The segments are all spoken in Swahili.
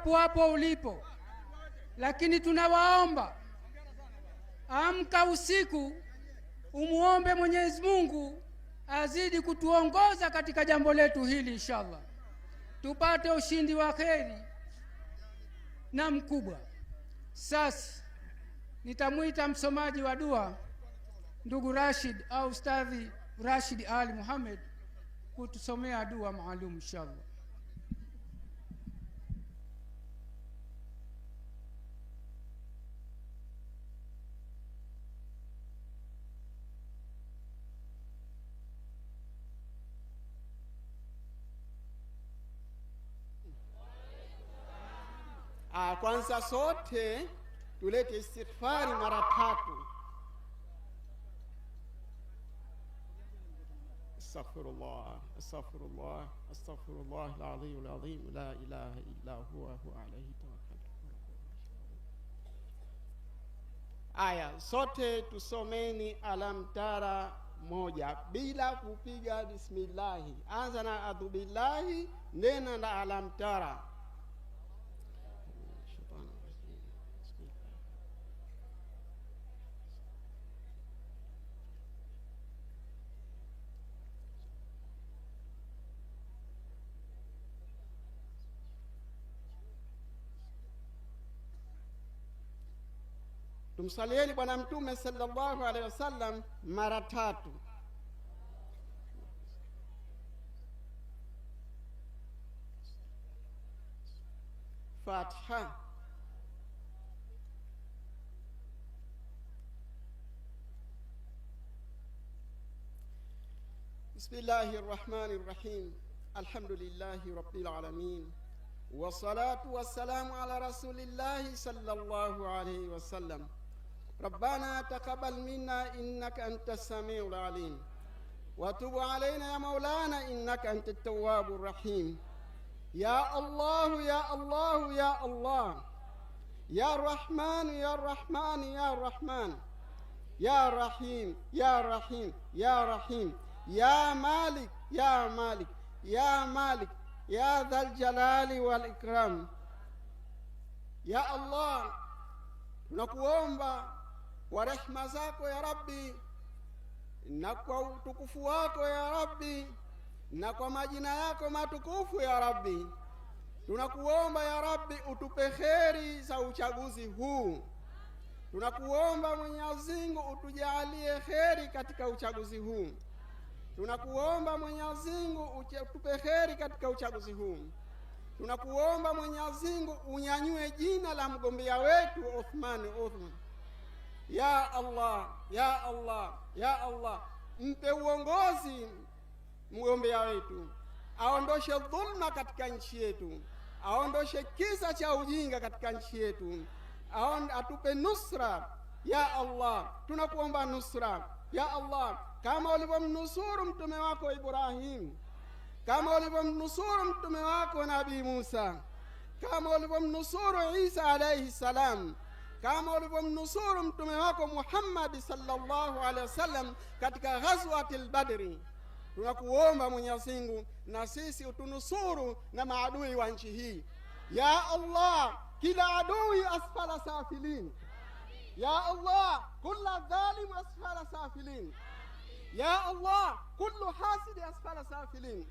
hapo hapo ulipo, lakini tunawaomba amka usiku, umuombe Mwenyezi Mungu azidi kutuongoza katika jambo letu hili, inshallah tupate ushindi wa kheri na mkubwa. Sasa nitamwita msomaji wa dua ndugu Rashid au Ustadhi Rashid Ali Muhammad kutusomea dua maalum inshallah. kwanza sote tulete istighfari mara tatu. Astaghfirullah, astaghfirullah, astaghfirullah al-azim al-azim, la ilaha illa huwa, huwa alayhi Aya sote tusomeni alam tara moja bila kupiga bismillahi. Anza na adhubillahi, nena na alam tara tumsalieni Bwana Mtume sallallahu alaihi wasallam mara tatu. Fatiha. Bismillahi rahmani rahim. Alhamdulillahi rabbil alamin wassalatu wassalamu ala rasulillahi sallallahu alaihi wasallam. ربنا تقبل منا إنك أنت السميع العليم وتب علينا يا مولانا إنك أنت التواب الرحيم يا الله يا الله يا الله يا الرحمن يا الرحمن يا الرحمن يا رحيم يا رحيم يا رحيم يا مالك يا مالك يا مالك يا ذا الجلال والإكرام يا الله نكوomba kwa rehma zako ya Rabbi na kwa utukufu wako ya Rabbi na kwa majina yako matukufu ya Rabbi, tunakuomba ya Rabbi utupe heri za uchaguzi huu. Tunakuomba Mwenyezi Mungu utujalie heri katika uchaguzi huu. Tunakuomba Mwenyezi Mungu utupe heri katika uchaguzi huu. Tunakuomba Mwenyezi Mungu unyanyue jina la mgombea wetu Othman Othman ya Allah, ya Allah, ya Allah, mpe uongozi mgombea wetu, aondoshe dhulma katika nchi yetu, aondoshe kisa cha ujinga katika nchi yetu, atupe nusra ya Allah, tunakuomba nusra ya Allah, kama ulivyomnusuru mtume wako Ibrahim, kama ulivyomnusuru mtume wako Nabii Musa, kama ulivyomnusuru Isa alayhi salam kama ulivyomnusuru mtume wako Muhammadi sallallahu alaihi wasallam katika ghazwatil Badri. Tunakuomba Mwenyezi Mungu na sisi utunusuru na maadui wa nchi hii. Ya Allah, kila adui asfala safilin. Ya Allah, kula dhalimu asfala safilin. Ya Allah, kullu hasidi asfala safilin.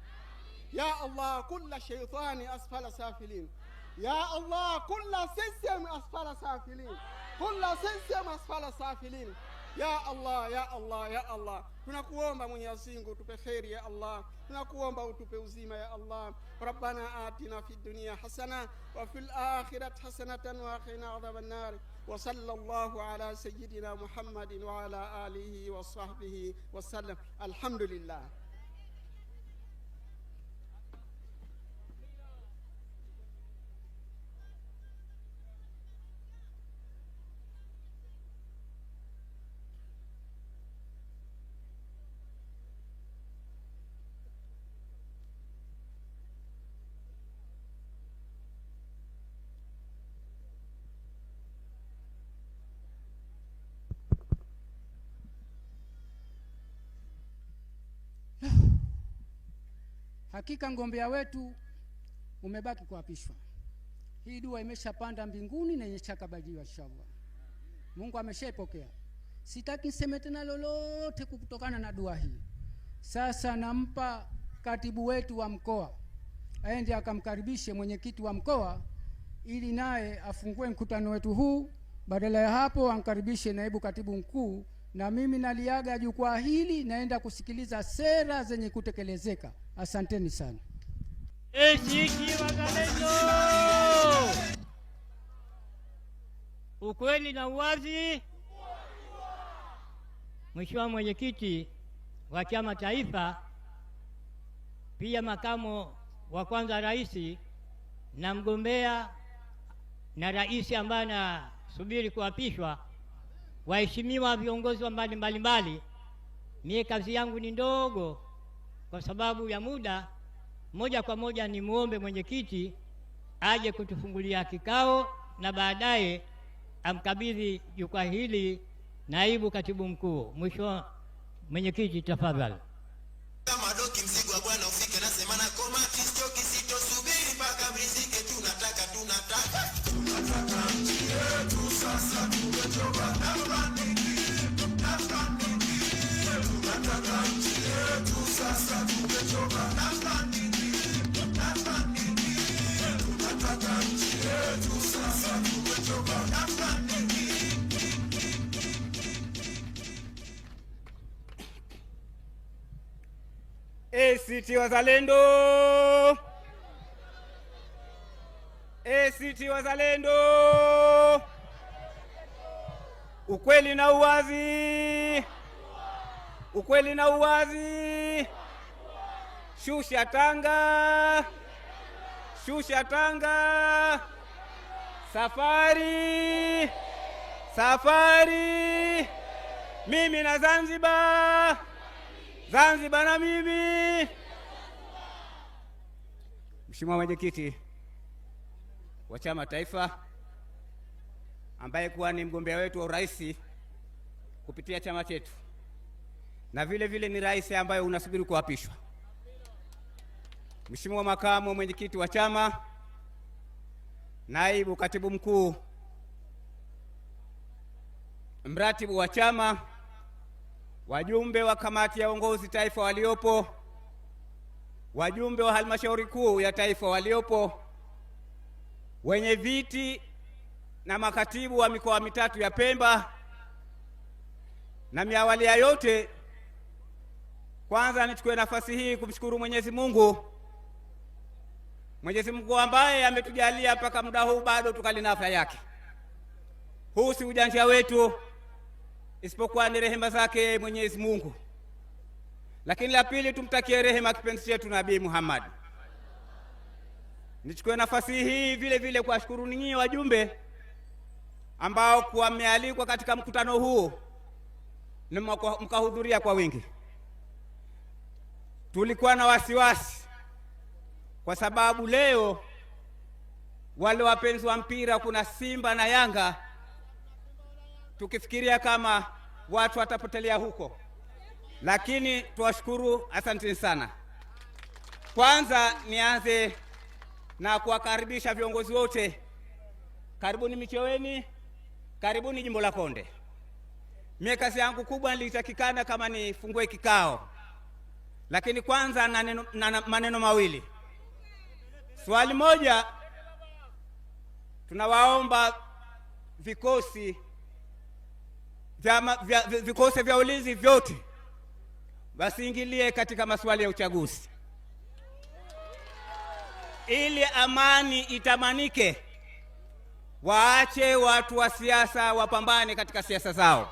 Ya Allah, kula shaitani asfala safilin. يا الله كل سلسلة من أسفل سافلين كل سلسلة من أسفل سافلين ya allah ya allah ya allah tunakuomba mwenyezi mungu utupe kheri ya allah tunakuomba utupe uzima ya allah rabbana atina fi dunia hasana wa fi lakhirat hasanatan waaqina adhaba nnari وصلى الله على سيدنا محمد وعلى آله وصحبه وسلم الحمد لله Hakika mgombea wetu umebaki kuapishwa. Hii dua imeshapanda mbinguni na imeshakabaliwa inshallah. Mungu ameshaipokea. Sitaki niseme tena lolote kutokana na dua hii. Sasa nampa katibu wetu wa mkoa aende akamkaribishe mwenyekiti wa mkoa ili naye afungue mkutano wetu huu. Badala ya hapo, amkaribishe naibu katibu mkuu na mimi naliaga jukwaa hili, naenda kusikiliza sera zenye kutekelezeka. Asanteni sana. E, Ukweli na uwazi. Mheshimiwa mwenyekiti wa chama taifa, pia makamo wa kwanza rais na mgombea na rais ambaye anasubiri kuapishwa Waheshimiwa viongozi wa mbali mbalimbali, mie kazi yangu ni ndogo kwa sababu ya muda. Moja kwa moja ni muombe mwenyekiti aje kutufungulia kikao na baadaye amkabidhi jukwaa hili naibu katibu mkuu. Mwisho, mwenyekiti tafadhali. ACT Wazalendo, ACT Wazalendo, ukweli na uwazi, ukweli na uwazi. Shusha tanga, shusha tanga. Safari, safari. Mimi na Zanzibar Zanzibar na mimi. Mheshimiwa mwenyekiti wa chama taifa ambaye kuwa ni mgombea wetu wa urais kupitia chama chetu na vile vile ni rais ambaye unasubiri kuapishwa. Mheshimiwa makamu mwenyekiti wa chama, naibu katibu mkuu, mratibu wa chama wajumbe wa kamati ya uongozi taifa waliopo, wajumbe wa halmashauri kuu ya taifa waliopo, wenye viti na makatibu wa mikoa mitatu ya Pemba na miawali ya yote, kwanza nichukue nafasi hii kumshukuru Mwenyezi Mungu, Mwenyezi Mungu ambaye ametujalia mpaka muda huu bado tukali tukalinafya yake. Huu si ujanja wetu isipokuwa ni rehema zake Mwenyezi Mungu. Lakini la pili, tumtakie rehema kipenzi chetu Nabii Muhammad. Nichukue nafasi hii vile vile kuwashukuru ninyi wajumbe ambao kuwa mmealikwa katika mkutano huu na mkahudhuria kwa wingi. Tulikuwa na wasiwasi kwa sababu leo wale wapenzi wa mpira kuna Simba na Yanga tukifikiria kama watu watapotelea huko, lakini tuwashukuru, asanteni sana. Kwanza nianze na kuwakaribisha viongozi wote, karibuni Micheweni, karibuni jimbo la Konde. Mie kazi yangu kubwa nilitakikana kama nifungue kikao, lakini kwanza na neno, na maneno mawili. Swali moja, tunawaomba vikosi vya vikosi vya ulinzi vyote wasiingilie katika masuala ya uchaguzi, ili amani itamanike. Waache watu wa siasa wapambane katika siasa zao.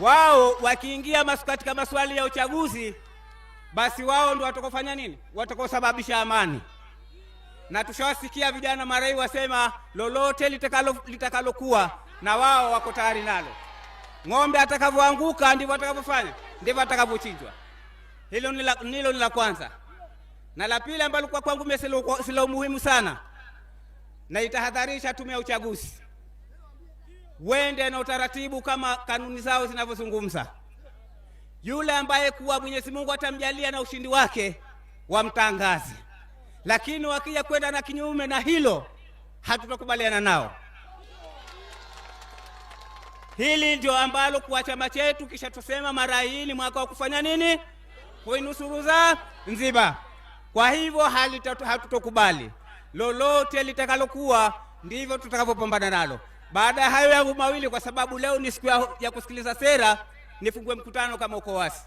Wao wakiingia masu katika masuala ya uchaguzi, basi wao ndio watakofanya nini? Watakosababisha amani. Na tushawasikia vijana marai wasema lolote litakalokuwa litakalo na wao wako tayari nalo. Ng'ombe atakavyoanguka ndivyo atakavyofanya, ndivyo atakavyochinjwa. Hilo nilo ni la kwanza, na la pili ambalo kwa kwangu mimi silo muhimu sana, na itahadharisha tume ya uchaguzi wende na utaratibu kama kanuni zao zinavyozungumza. Yule ambaye kuwa Mwenyezi Mungu atamjalia na ushindi wake wamtangaze, lakini wakija kwenda na kinyume na hilo hatutakubaliana nao. Hili ndio ambalo kwa chama chetu kisha tusema mara hii ni mwaka wa kufanya nini? Kuinusuru Zanzibar. Kwa hivyo hatutokubali lolote litakalokuwa, ndivyo tutakavyopambana nalo. Baada ya hayo yangu mawili, kwa sababu leo ni siku ya kusikiliza sera, nifungue mkutano kama uko wasi.